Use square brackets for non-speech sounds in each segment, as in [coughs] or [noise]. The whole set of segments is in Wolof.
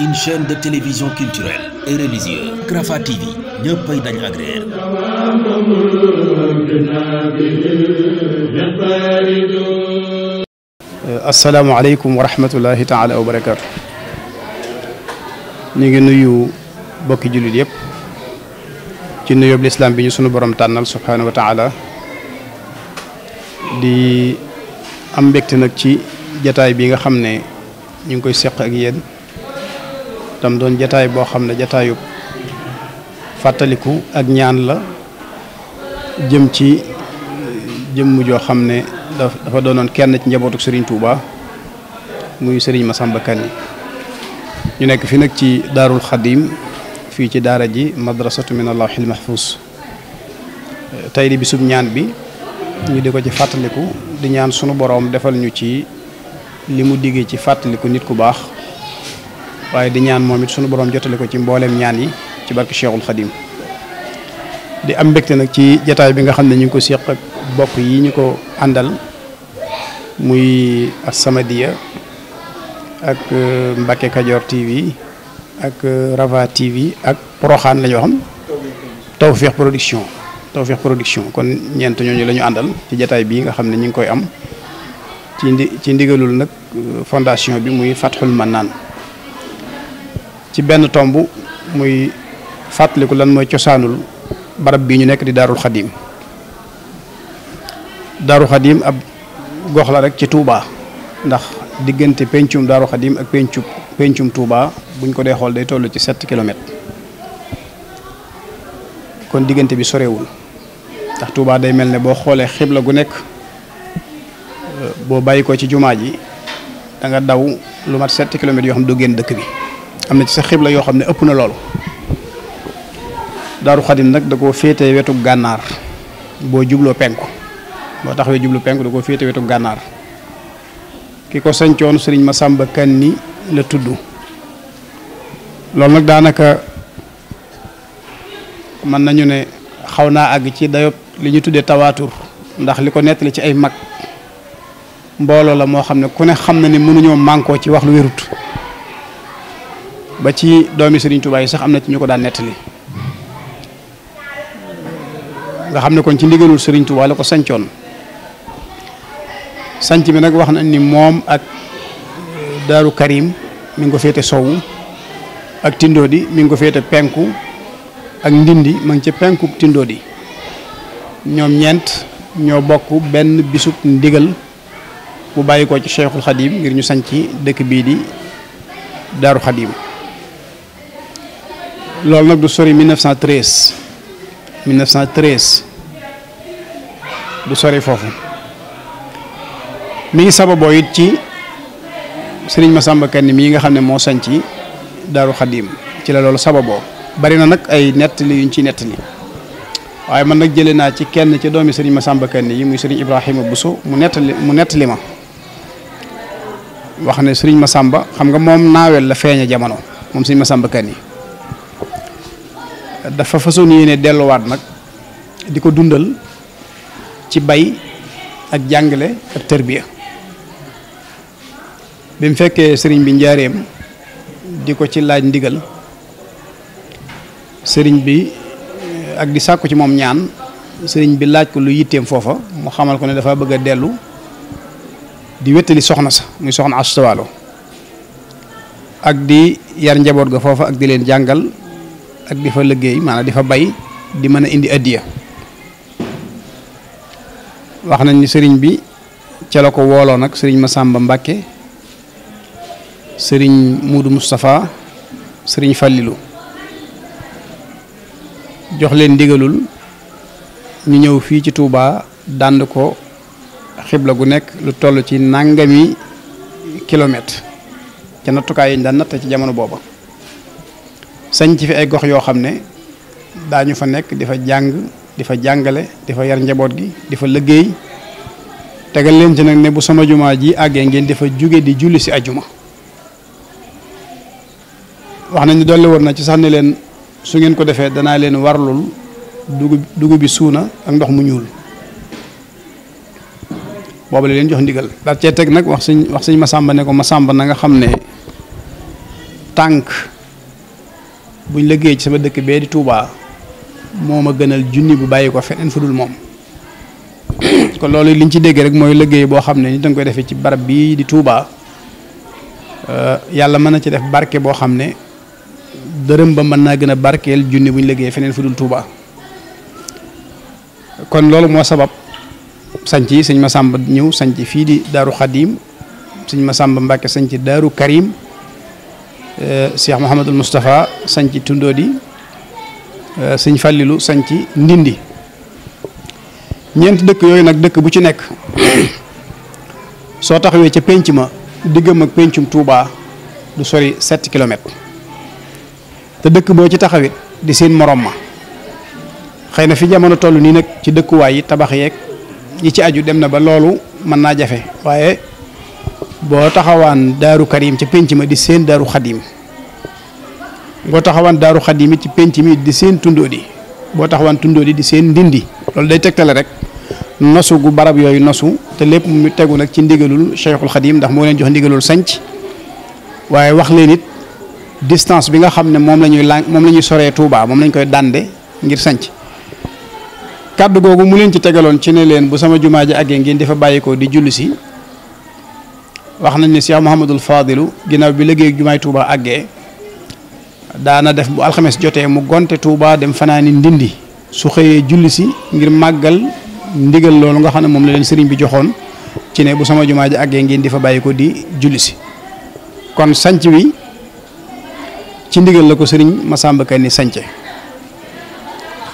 une chaîne de télévision culturelle et religieuse Rafah TV ñëppay euh, nuyu bokki yëpp ci nuyoob lislaam bi ñu sunu borom tànnal subhaanahu wa taala di am mbégte nag ci jataay bi nga xam ne ñu ngi koy seq ak yéen tam doon jataay boo xam ne jataayub fàttaliku ak ñaan la jëm ci jëmm joo xam ne dafa doonoon kenn ci njabootu sëriñ Touba muy sëriñ Serigne Massamba yi ñu nekk fi nag ci daarul xadim fii ci daara ji madrasatu min allahil mahfuz tey di bisub ñaan bi ñu di ko ci fàttaliku di ñaan sunu boroom defal ñu ci li mu diggee ci fàttaliku nit ku baax waaye di ñaan moom it sunu boroom jotale ko ci mbooleem ñaan yi ci barke Cheikhul Khadim di am mbégte nag ci jataay bi nga xam ne ñu ko seq ak bokk ñu ko àndal muy As-Samadiyya ak euh, Mbacke Kadior ak euh, Rava TV ak Poroxaan la ñu Production Tawfekh Production kon ñeent ñooñu la àndal ci jataay bii nga xam ne ñu ngi koy am ci ci ndigalul nag euh, fondation bi muy Fathul Manaan ci benn tomb muy fàttaliku lan mooy cosaanul barab bii ñu nekk di daarul xadim daaru xadim ab gox la rek ci Touba ndax diggante pencum daaru xadim ak pencum pencum Touba buñ ko dee xool day toll ci sept kilomètres kon diggante bi sorewul ndax Touba day mel ne boo xoolee xibla gu nekk boo bàyyi ko ci jumaa ji da nga daw lu mat sept kilomètres yoo xam ne génn dëkk bi am na ci sa xibla yoo xam ne ëpp na loolu daaru xadim nag da koo féete wetu gànnaar boo jubloo penku boo taxawee jublu penku da koo féete wetu gànnaar ki ko sancoon ma Masamba Kan nii la tudd loolu nag daanaka mën nañu ne xaw naa àgg ci dayob li ñu tuddee tawaatur ndax li ko nettali ci ay mag mbooloo la moo xam ne ku ne xam na ni mënuñoo mànkoo ci wax lu wérut ba ci doomi Serigne Touba yi sax am na ci ñu ko daan nettali nga xam ne kon ci ndigalul Serigne Touba la ko sancoon sanc bi nag wax nañ ni moom ak Daaru Karim mi ngi ko féete sow ak Tindodi mi ngi ko féete penku ak Ndindi ma ngi ca penku Tindodi ñoom ñeent ñoo bokk benn bisub ndigal bu bàyyi ko ci Cheikhul Khadim ngir ñu sanc dëkk bii di Daaru Khadim loolu nag du sori 1913 1913 du sori foofu mi ngi sababoo yit ci sëriñ ma Masamba Kanni mii nga xam ne moo sañ ci Daaru Xadim ci la loolu sababoo bari na nag ay nettali yuñ ci nettali waaye man nag jëlee naa ci kenn ci doomi sëriñ Masamba Kanni yi muy sëriñ Ibrahima Bousso mu nettali mu nettali ma wax ne sëriñ ma Masamba xam nga moom naawel la feeña jamono moom sëriñ Masamba Kanni dafa façon yéene delluwaat nag di ko dundal ci bay ak jàngale ak tërbiya bi mu fekkee sëriñ bi njaareem di ko ci laaj ndigal sëriñ bi ak di sàkku ci moom ñaan sëriñ bi laaj ko lu yitteem foofa mu xamal ko ne dafa bëgg a dellu di wéttali soxna sa muy soxna astuwaalo ak di yar njaboot ga foofa ak di leen jàngal ak di fa liggéey maanaam di fa bay di mën a indi addiya wax nañ ni sëriñ bi ca la ko wooloo nag sëriñ ma Masamba Mbàkke sëriñ Muudu Moustapha sëriñ Fàllilu jox leen ndigalul ñu ñëw fii ci Touba dànd ko xibla gu nekk lu toll ci nàngami kilomètre ca nattukaay yi ñu daan natt ci jamono booba sañ ci fi ay gox yoo xam ne daañu fa nekk di fa jàng di fa jàngale di fa yar njaboot gi di fa liggéey tegal leen ci nag ne bu sama jumaa ji àggee ngeen di fa jóge di julli si ajuma wax nañu dolli woon na ci sax ne leen su ngeen ko defee danaa leen warlul dugub dugub bi suuna ak ndox mu ñuul boobu la leen jox ndigal daal cee teg nag wax sëñ wax sëñ Masamba ne ko Masamba na nga xam ne tànk buñ liggéey ci sama dëkk bee di Touba moo ma gënal junni bu bàyyi ko feneen fu dul moom [coughs] kon loolu liñ ci dégg rek mooy liggéey boo xam ne ni danga koy defee ci barab bii di Touba euh, yàlla mën na ci def barke boo xam ne dërëm ba mën naa gën a barkeel junni buñ liggéey feneen fu dul Touba kon loolu moo sabab sanc yi sëñ Massamba ñëw sanc fii di Daaru Xadim sëñ Massamba Mbàkke sanc Daaru Karim Eh, Cheikh Mouhamadul Moustapha sanc Tundóodi eh, sëñ Fàllilu sañc Ndindi ñeent dëkk yooyu nag dëkk bu ci nekk soo taxawee ca pénc ma diggam ak péncum Touba du sori set kilomètres te dëkk boo ci taxawit di seen moroom ma xëy na fi jamono toll nii nag ci dëkkuwaay yi tabax yeeg yi ci aju dem na ba loolu mën naa jafe waaye boo taxawaan daaru karim ci penc ma di seen daaru xadim boo taxawaan daaru xadim it ci penc mi di seen tundoo di boo taxawaan tundoo di di seen ndindi loolu day tegtale rek nosu gu barab yooyu nosu te lépp mu tegu nag ci ndigalul cheikhul xadim ndax moo leen jox ndigalul sanc waaye wax leen it distance bi nga xam ne moom la ñuy la moom la ñuy soree Touba moom lañ koy dànde ngir sañc kàddu googu mu leen ci tegaloon ci ne leen bu sama jumaa ji àggee ngeen di fa di julli si wax nañ ne Cheikh Mouhamadul Fadilu ginnaaw bi liggéey jumaay Touba àggee daana def bu alxames jotee mu gonte Touba dem fanaani ndindi su xëyee julli si ngir màggal ndigal loolu nga xam ne moom la leen sëriñ bi joxoon ci ne bu sama jumaa ji àggee ngeen di fa bàyyi ko di julli si kon sanc wi ci ndigal la ko sëriñ ma Massamba ni sañce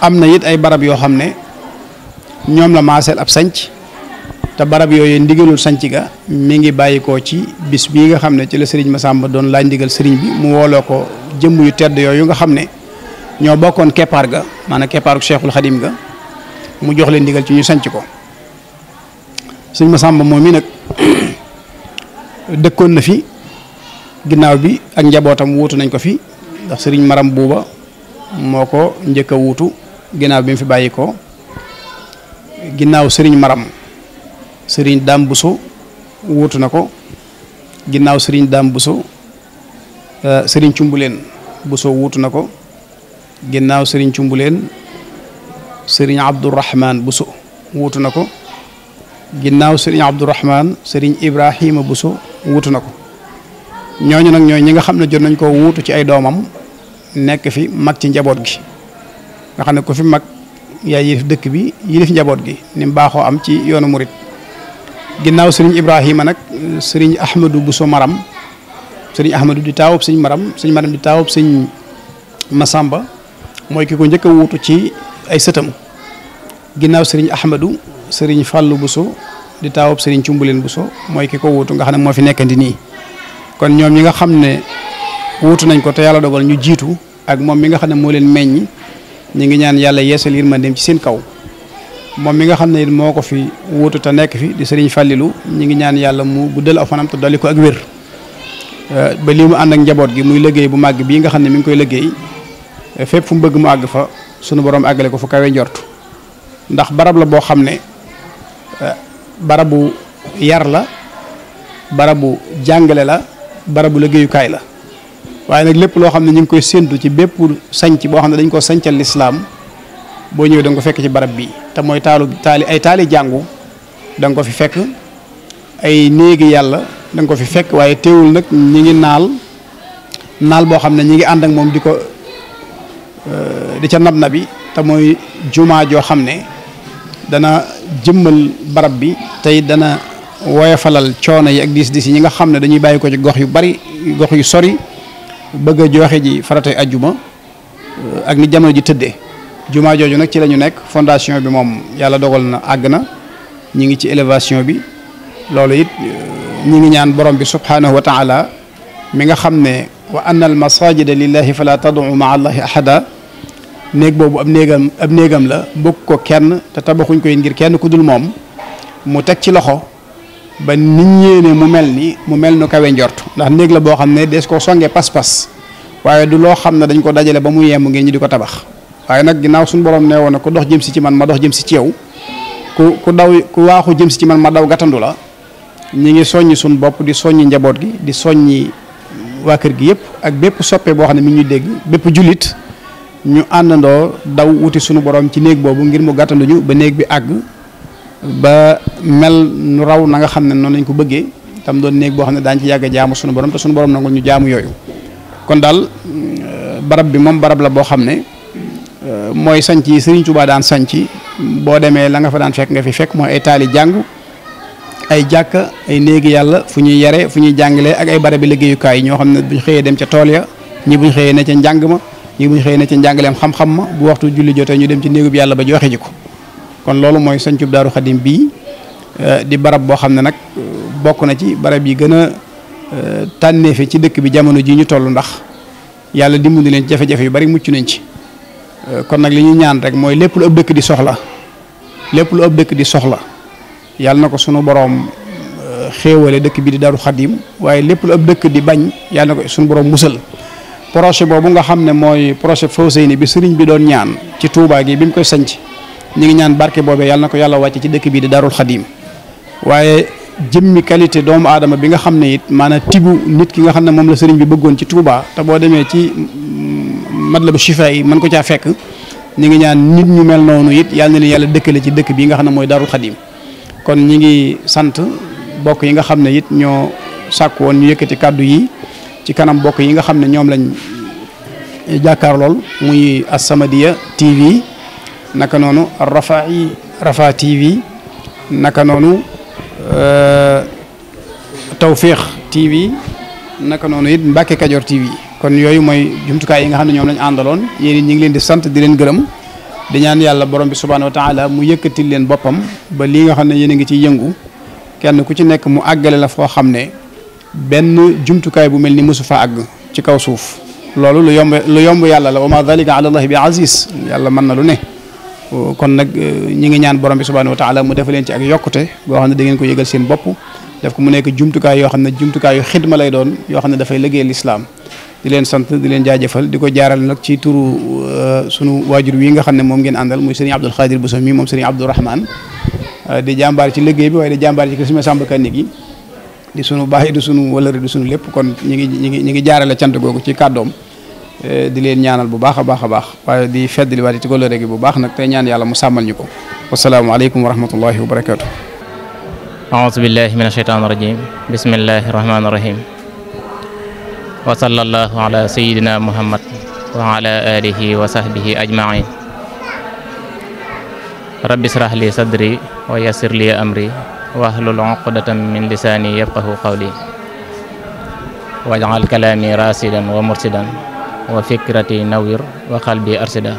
am na it ay barab yoo xam ne ñoom la maaseel ab sanc te barab yooyu ndigalul sanc ga mi ngi bàyyikoo ci bis bii nga xam ne ci la sëriñ Massamba doon laaj ndigal sëriñ bi mu wooloo ko jëmb yu tedd yooyu nga xam ne ñoo bokkoon keppaar ga maanaam keppaaru Cheikhul Xadim ga mu jox leen ndigal ci ñu sanc ko sëriñ Massamba moom mi nag dëkkoon na fi ginnaaw bi ak njabootam wuutu nañ ko fi ndax sëriñ Maram Buuba moo ko njëkk wuutu ginnaaw bi mu fi bàyyi ko ginnaaw sëriñ Maram sëriñ Dame Bousso wuutu na ko ginnaaw sëriñ Dame Bousso sëriñ Cumbuleen buso wuutu na ko ginnaaw sëriñ Cumbuleen sëriñ Abdourahman Bousso wuutu na ko ginnaaw sëriñ Abdourahman sëriñ Ibrahima Bousso wuutu na ko ñooñu nag ñooy ñi nga xam ne jot nañ koo wuutu ci ay doomam nekk fi mag ci njaboot gi nga xam ne ko fi mag yaay yilif dëkk bi yilif njaboot gi ni mu baaxoo am ci yoonu murit ginnaaw sëriñ Ibrahima nag sëriñ Ahmadou Bousso Maram sëriñ Ahmadou di taawub sëñ Maram sëñ Maram di taawub sëñ Masamba mooy ki ko njëkk a wuutu ci ay sëtam ginnaaw sëriñ Ahmadou sëriñ Fallou Bousso di taawub sëriñ Cumbuleen Bousso mooy ki ko wuutu nga xam ne moo fi nekkandi nii kon ñoom ñi nga xam ne wuutu nañ ko te yàlla dogal ñu jiitu ak moom mi nga xam ne moo leen meññ ñu ngi ñaan yàlla yeesal yërmandeem ci seen kaw moom mi nga xam ne it moo ko fi wuutu te nekk fi di sëriñ fàllilu ñi ngi ñaan yàlla mu guddal aw fanam te dolli ko ak wér euh, ba lii mu ànd ak njaboot gi muy liggéey bu màgg bii nga xam ne mi ngi koy liggéey euh, fépp fu mu bëgg mu àgg fa sunu boroom àggale ko fu kawe njort ndax barab la boo xam ne euh, barabu yar la barabu jàngale la barabu liggéeyukaay la waaye nag lépp loo xam ne ñu ngi koy séentu ci bépp sanc boo xam ne dañ ko sancal lislaam boo ñëwee da nga ko fekk ci barab bii te mooy taalu taali ay taali jàngu da ko fi fekk ay néegi yàlla da ko fi fekk waaye teewul nag ñi ngi naal naal boo xam ne ñi ngi ànd ak moom di ko euh, di ca nab nabi te mooy jumaa joo xam ne dana jëmmal barab bi tey dana woyofalal coono yi ak diis diis yi ñi nga xam ne dañuy bàyyi ko ci gox yu bari gox yu sori bëgg a joxe ji farato ajjuma euh, ak ni jamono ji tëdde jumaa jooju nag ci la ñu nekk fondation bi moom yàlla dogal na àgg na ñi ngi ci élévation bi loolu it ñi ngi ñaan borom bi subhanahu wa taala mi nga xam ne wa anna al masajida lillahi fala tad'u ma'a allahi ahada néeg boobu ab néegam ab néegam la bokk ko kenn te tabaxuñ ko yit ngir kenn ku dul moom mu teg ci loxo ba nit ñéene mu mel ni mu mel nu kawe njort ndax néeg la boo xam ne dees ko songe pas-pas waaye du loo xam ne dañ ko dajale ba mu yem ngeen ñi di ko tabax waaye nag ginnaaw suñu borom nee woon ne ku dox jëm si ci man ma dox jëm si ci yow ku ku daw ku waaxu jëm si ci man ma daw gàttandu la ñu ngi soññi suñu bopp di soññi njaboot gi di soññi waa kër gi yëpp ak bépp soppe boo xam ne mi ngi dégg bépp jullit ñu àndandoo daw wuti suñu boroom ci néeg boobu ngir mu gàttanduñu ba néeg bi àgg ba mel nu raw na nga xam ne noon lañ ko bëggee tam doon néeg boo xam ne daañu ci yàgg a jaamu suñu borom te suñu borom nangul ñu jaamu yooyu kon daal bi moom barab la boo xam ne Euh, mooy sanc yi Sëriñ Tuubaa daan sañc boo demee la nga fa daan fekk nga fi fekk mooy ay taali jàng ay jàkka ay néegi yàlla fu ñuy yare fu ñuy jàngalee ak ay barab barabi liggéeyukaay ñoo xam ne buñ xëyee dem ca tool ya ñi buñ xëyee ne ca njàng ma ñi buñ xëyee ne ca njàngaleem xam-xam ma bu waxtu julli jotee ñu dem ci néegub yàlla ba joxe ji ko kon loolu mooy sancub daaru xadim bii euh, di barab boo xam ne nag euh, bokk na ci barab yi gën a tànneefe ci dëkk bi jamono ji ñu toll ndax yàlla dimbali leen ci yu bari mucc nañ ci Euh, kon nag li ñuy ñaan rek mooy lépp lu ab dëkk di soxla lépp lu ab dëkk di soxla yàlla na ko sunu boroom euh, xéewale dëkk bi di Daaru Xadim waaye lépp lu ab dëkk di bañ yàlla na ko sunu boroom musal projet boobu nga xam ne mooy projet Fawzeyni bi sëriñ bi doon ñaan ci Touba gi bi mu koy sanc ñu ngi ñaan barke boobee yàlla na ko yàlla wàcce ci dëkk bi di Daarul Xadim waaye jëmmi qualité doomu aadama bi nga xam ne it maanaam tibu nit ki nga xam ne moom la bi bëggoon ci Touba te boo demee ci matlabu chifa yi mën ko caa fekk ñu ngi ñaan nit ñu mel noonu it yàlla na leen yàlla dëkkale ci dëkk bi nga xam ne mooy Daarul Xadim kon ñi ngi sant bokk yi nga xam ne it ñoo sàkk woon ñu yëkkati kàddu yi ci kanam bokk yi nga xam ne ñoom lañ jàkkaar lool muy As-Samadiyya TV naka noonu Rafa yi Rafa TV naka noonu euh, Tawfekh TV naka noonu it Mbacke Kadior TV kon yooyu mooy jumtukaay yi nga xam ne ñoom lañ àndaloon yéen ñi ngi leen di sant di leen gërëm di ñaan yàlla borom bi subhaanahu wa taala mu yëkkatil leen boppam ba lii nga xam ne yéen a ciy yëngu kenn ku ci nekk mu àggale la foo xam ne benn jumtukaay bu mel ni mësu fa àgg ci kaw suuf loolu lu yomb lu yomb yàlla la wa ma dalika ala allahi bi aziz yàlla mën na lu ne kon nag ñi ngi ñaan borom bi subhaanahu wa taala mu def leen ci ak yokkute boo xam ne da ngeen ko yëgal seen bopp def ko mu nekk jumtukaay yoo xam ne jumtukaay yu xidma lay doon yoo xam ne dafay liggéey lislaam di leen sant di leen jaajëfal di ko jaaral nag ci turu euh, sunu waajur wi nga xam ne moom ngeen àndal muy sëriñ Abdul bu Bousso mi moom sëriñ Abdourahman euh, di jàmbaar ci liggéey bi waaye di jàmbaar ci kër Sëriñ Sàmba Kanni gi di sunu baax di sunu wëlëri di sunu lépp kon ñu ngi ñu ngi ñu ngi jaarale cant googu ci kàddoom euh, di leen ñaanal bu baax a baax a baax waaye di fedd feddali waat ci kóllëre gi bu baax nag tey ñaan yàlla mu sàmmal ñu ko wasalaamualeykum wa rahmatullahi wa barakaatu. aouzu billahi mina shaytaani rajim bismillahi rahmaani rahim. wa sallallahu ala sayyidina muhammad wa ala alihi wa sahbihi ajmain rabbi israh li sadri wa yassir li amri wahlul uqdatan min lisani yafqahu qawli waj'al kalami rasidan wa mursidan wa fikrati nawir wa qalbi arsida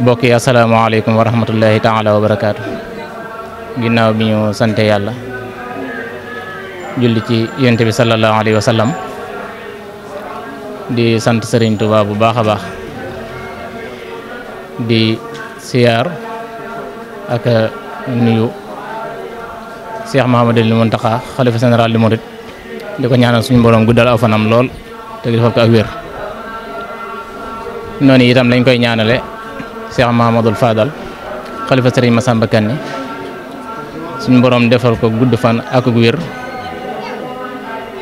mbokk yi asalaamaaleykum wa rahmatullahi taala wa barakaatu ginnaaw bi ñu sante yàlla julli ci yonent bi sallallahu alayhi wa di sant Serigne Touba bu baax a baax di siyaar ak nuyu Cheikh Mouhamadul Mountakha xalifa général di murit di ko koy ñaanale Cheikh Mouhamadul Fadal xalifa Serigne Massamba Kanni suñu borom defal ko gudd fan ak wér.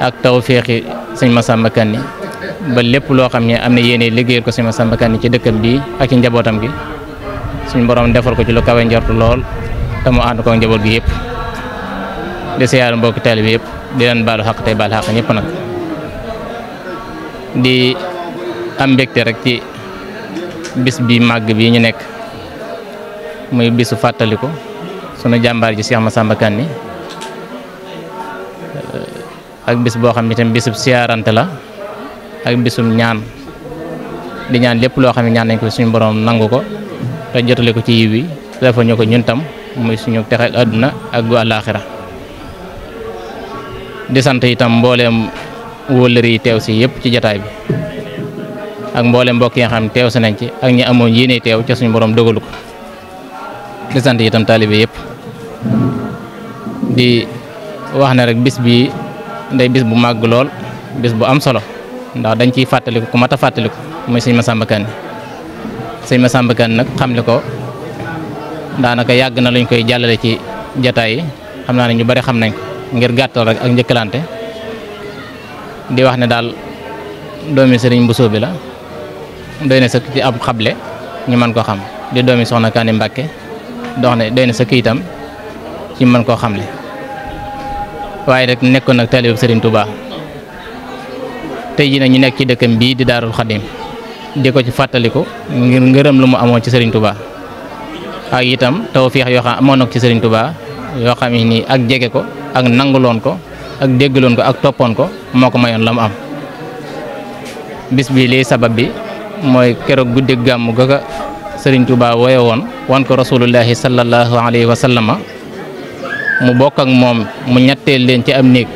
ak taw tawféexi sëñ Massamba Kanni ba lépp loo xam ne am na yéene liggéeyal ko sëñ Massamba Kanni ci dëkkam bi ak ci njabootam gi suñ borom defal ko ci lu kawe njortu lool te mu ànd ko njaboot gi yëpp di siyaar mbokki taalibe bi yëpp di leen baalu xaq tey baal xaq ñëpp nag di am mbégte rek ci bis bi màgg bi ñu nekk muy bisu fàttaliku sunu jàmbaar ji ma Massamba Kanni ak bis boo xam ne tam bisub siyaarante la ak bisum ñaan di ñaan lépp loo xam ne ñaan nañ ko suñu borom nangu ko te jotale ko ci yiw bi dafa ñu ko ñun tam muy suñu texe àdduna ak gu àllaaxira di sant itam mbooleem wóllëri yi teew si yëpp ci jataay bi ak mbooleem mbokk yi nga xam teew si nañ ci ak ñu amoon yéene teew ca suñu boroom dogalu ko di sant itam taalibe yëpp di wax ne rek bis bi day bis bu màgg lool bis bu am solo ndax dañ ciy fàttaliku ku mata a fàttaliku muy sëñ Massamba Kane sëñ Massamba Kane nag xamle ko daanaka yàgg na luñ koy jàllale ci jataay yi xam naa ne ñu bari xam nañ ko ngir gàttal rek ak njëkkalante di wax ne daal doomi sëriñ Bousso bi la doy na sëkk ci ab xable ñu mën koo xam di doomi soxna Kani Mbàkke dox ne doy na sëkk itam ci mën koo xamle waaye nag nekkoon nag taalibe Serigne Touba tey jii nag ñu nekk ci dëkkam bii di Daarul Xadim di ko ci fàttaliku ngir ngërëm lu mu amoon ci Serigne tubaa ak itam tawfeex yoo xam amoon nag ci Serigne Touba yoo xam ne nii ak jege ko ak nanguloon ko ak déggloon ko ak toppoon ko moo ko mayoon la mu am bis bi sabab bi mooy keroog guddi gàmm ga ko Serigne Touba woye woon wan ko rasulullahi sallallahu alayhi wa mu bokk ak moom mu ñetteel leen ci am néeg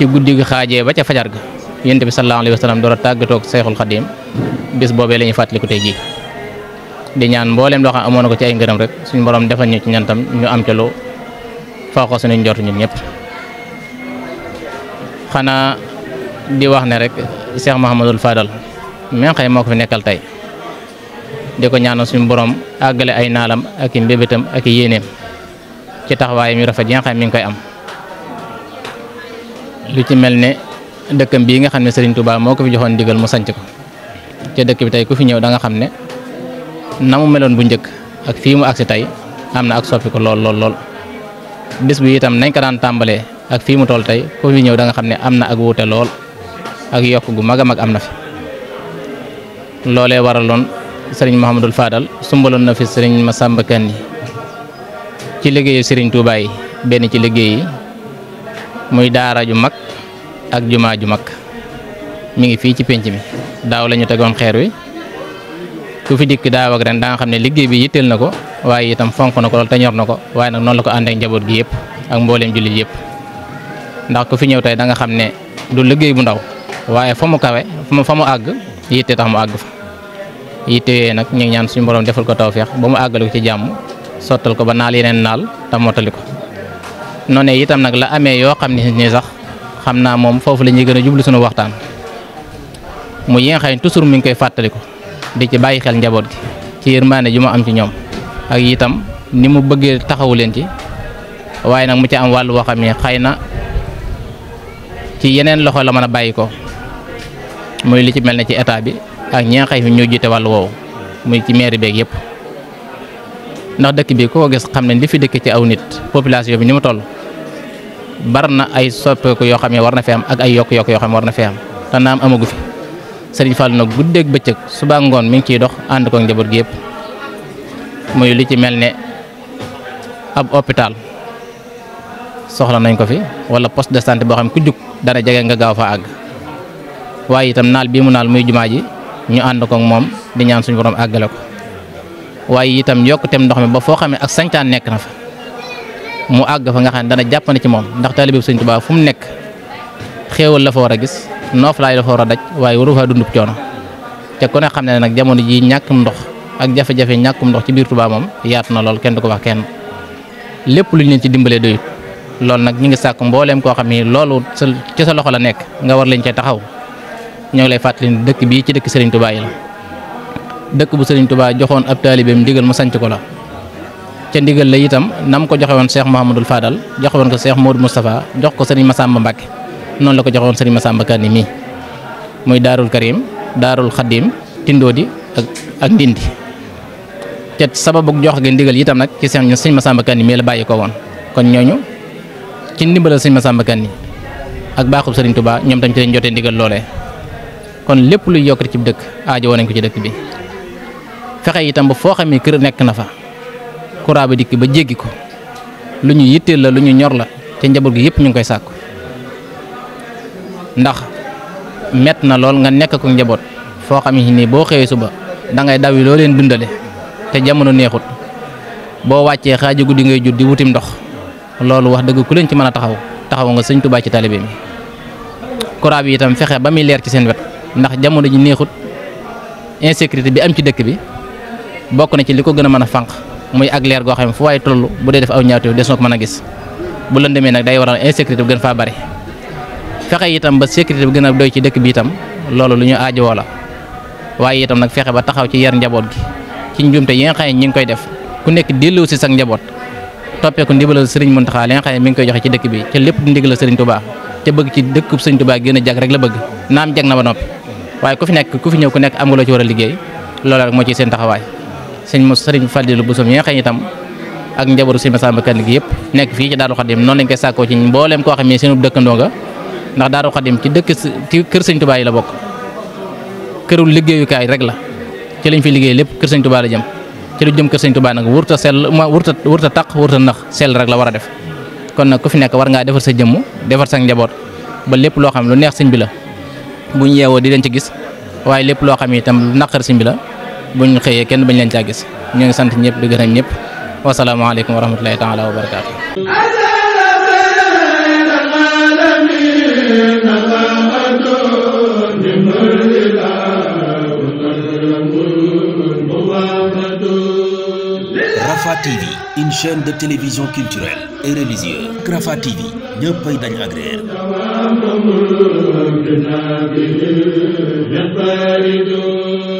ci guddi gi xaajee ba ca fajar ga yonent bi sallallahu alayhi wa sallam door a tàggatoog Seexul Xadiim bis boobee la ñuy fàttaliku tey jii di ñaan mbooleem loo xam amoon na ko ci ay ngërëm rek suñu boroom defal ñu ci ñantam ñu am ca lu faaxoo suñu njort ñun ñëpp xanaa di wax ne rek Cheikh Mahamadul faadal mi nga moo ko fi nekkal tey di ko ñaanal suñu borom àggale ay naalam ak i mbébétam ak i yéeneem ci taxawaayam yu rafet yi nga xam ne mi ngi koy am lu ci mel ne dëkkam bii nga xam ne sëriñ Touba moo ko fi joxoon digal mu sanc ko ca dëkk bi tey ku fi ñëw danga nga xam ne na mu meloon bu njëkk ak fii mu agsi tey am na ak soppi ko lool lool lool bis bi itam nañ ko daan tàmbalee ak fii mu toll tey ku fi ñëw da xam ne am na ak wuute lool ak yokk gu mag a mag am na fi loolee waraloon Serigne Mouhamadul Fadal sumbaloon na fi Serigne Massamba Kanni ci liggéeyu Serigne Touba yi benn ci liggéey yi muy daara ju mag ak jumaa ju mag mi ngi fii ci penc mi daaw la ñu tegoon xeer wi ku fi dikk daaw ak ren da xam ne liggéey bi yitteel na ko waaye itam fonk na ko lool te ñor na ko waaye nag noonu la ko ànd njaboot gi yëpp ak mbooleem jullit yëpp ndax ku fi ñëw tey danga xam ne du liggéey bu ndaw waaye fa mu kawe fa mu àgg yitte tax mu àgg fa yitte yooyu nag ñu ñaan suñu borom defal ko tawfeex ba sottal ko ba naal yeneen naal te mottali ko noonee itam nag la amee yoo xam ne ni sax xam naa moom foofu la ñuy gën a jublu suñu waxtaan mu yi nga xam ne toujours mi ngi koy fàttaliku di ci bàyyi xel njaboot gi ci yërmaane ju ma am ci ñoom ak itam ni mu bëggee taxawu leen ci waaye nag mu ci am wàll woo xam ne xëy na ci yeneen loxo la mën a bàyyi ko muy li ci mel ne ci état bi ak ñi nga xam ne wàllu woowu muy ci mairie beeg yëpp. ndax dëkk bi ko gis xam ne li fi dëkk ci aw nit population bi ñu mu toll bar na ay soppeeku yoo xam ne war na fi am ak ay yokk-yokk yoo xam war na fi am te naam amagu fi Serigne Fall nag guddeeg bëccëg suba ngoon mi ngi ciy dox ànd ko njaboot gi li ci mel ne ab hôpital soxla nañ ko fi wala poste de santé boo xam ne ku jug dana jege nga gaaw fa àgg waaye itam naal bii mu naal muy jumaa ji ñu ànd ko moom di ñaan suñu borom àggale ko. waaye itam yokkuteem ndox mi ba foo xamee ak sañtaan nekk na fa mu àgg fa nga xam ne dana jàppane ci moom ndax taalibe Sëñ Tuubaa fu mu nekk xéewal la fa war a gis nooflaay la fa war a daj waaye waru faa dundub coono te ku ne xam ne nag jamono ji ñàkkum ndox ak jafe-jafe ñàkkum ndox ci biir Tuubaa moom yaatu na lool kenn du ko wax kenn lépp luñ leen ci dimbalee doyut loolu nag ñu ngi sàkk mbooleem koo xam ni loolu sa ci sa loxo la nekk nga war leen cee taxaw ñoo ngi fàttali dëkk bii ci dëkk Sëriñ Tuubaa yi la dëkk bu Serigne Touba joxoon ab taalibeem ndigal mu sanc ko la ca ndigal la itam nam ko joxe woon Cheikh Mouhamadul Fadal joxe woon ko Cheikh Modou Moustapha jox ko ma Massamba Mbacke noonu la ko joxe woon Serigne Massamba Kanni mii muy Daarul Karim Daarul Xaddim Tindoodi ak ak Ndindi te sababu jox gi ndigal itam nag ci seen Serigne Massamba Kanni mii la bàyyi ko woon kon ñooñu ci ndimbalal Serigne Massamba Kanni ak baaxub Serigne tubaa ñoom tam ci lañ jotee ndigal kon lépp luy yokk ci dëkk aajo nañ ko ci dëkk bi. fexe itam ba foo xamee kër nekk na fa courant bi dikk ba jéggi ko lu ñu yitteel la lu ñu ñor la te njaboot gi yëpp ñu ngi koy sàkku ndax mett na lool nga nekk ko njaboot foo xam ne boo xëyee suba da ngay daw yi loo leen dundale te jamono neexut boo wàccee xaaju guddi ngay jur di wutim ndox loolu wax dëgg ku leen ci mën a taxaw taxaw nga sëñ Tuubaa ci taalibe mi courant bi itam fexe ba muy leer ci seen wet ndax jamono ji neexut insécurité bi am ci dëkk bi bokk na ci li ko gën a mën a fànq muy ak leer goo xam ne fu waaye toll bu dee def aw ñaawteef des na ko mën a gis bu lëndëmee nag day waral insécurité bu gën faa bari fexe itam ba sécurité bu gën a doy ci dëkk bi itam loolu lu ñu aj aajowoo la waaye tam nag fexe ba taxaw ci yar njaboot gi ci njuumte yi nga xam ne ñi ngi koy def ku nekk dellu si sa njaboot toppee ko ndibalal sëriñ Muntaxa li nga xam mi ngi koy joxe ci dëkk bi te lépp di ndigalal sëriñ Tuubaa te bëgg ci dëkkub sëriñ Tuubaa gën a jag rek la bëgg naam jag na ba noppi waaye ku nekk ku fi ñëw ku nekk am ci war a liggéey loolu moo seen taxawaay sëñ mos sëriñ Fàdilu Buso mi nga xam itam ak njabootu sëñ Masamba Kanni gi yëpp nekk fii ci Daaru Xadim noonu lañ koy sàkkoo ci mbooleem koo xam ne seenub dëkkandoo nga ndax Daaru Xadim yi la bokk la ci lañ fi liggéey kër sëñ Tuubaa la jëm ci lu jëm kër sëñ Tuubaa nag wurta sell wurta wurta taq wurta nax sell rek la war a def kon nag ku fi nekk war ngaa defar sa jëmm defar sa njaboot ba lépp loo xam lu neex sëñ bi la buñ yeewoo di leen ci gis waaye lépp loo xam itam lu naqar sëñ la buñ xëyee kenn bañ leen caa gis ñoo ngi sant ñëpp di gërëm ñëpp wasalaamaaleykum wa rahmatulahi taala wa barakaatu. Rafah TV une chaîne de télévision culturelle et religieuse Rafah TV ñëppay dañ agréer